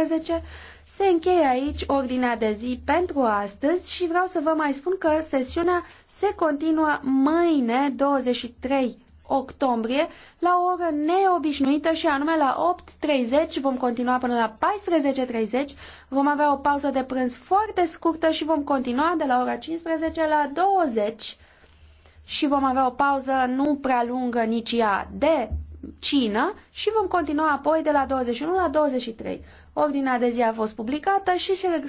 12. Se încheie aici ordinea de zi pentru astăzi și vreau să vă mai spun că sesiunea se continuă mâine 23 octombrie la o oră neobișnuită și anume la 8.30 vom continua până la 14.30 vom avea o pauză de prânz foarte scurtă și vom continua de la ora 15 la 20 și vom avea o pauză nu prea lungă nici ea de cină și vom continua apoi de la 21 la 23. Ordinea de zi a fost publicată și se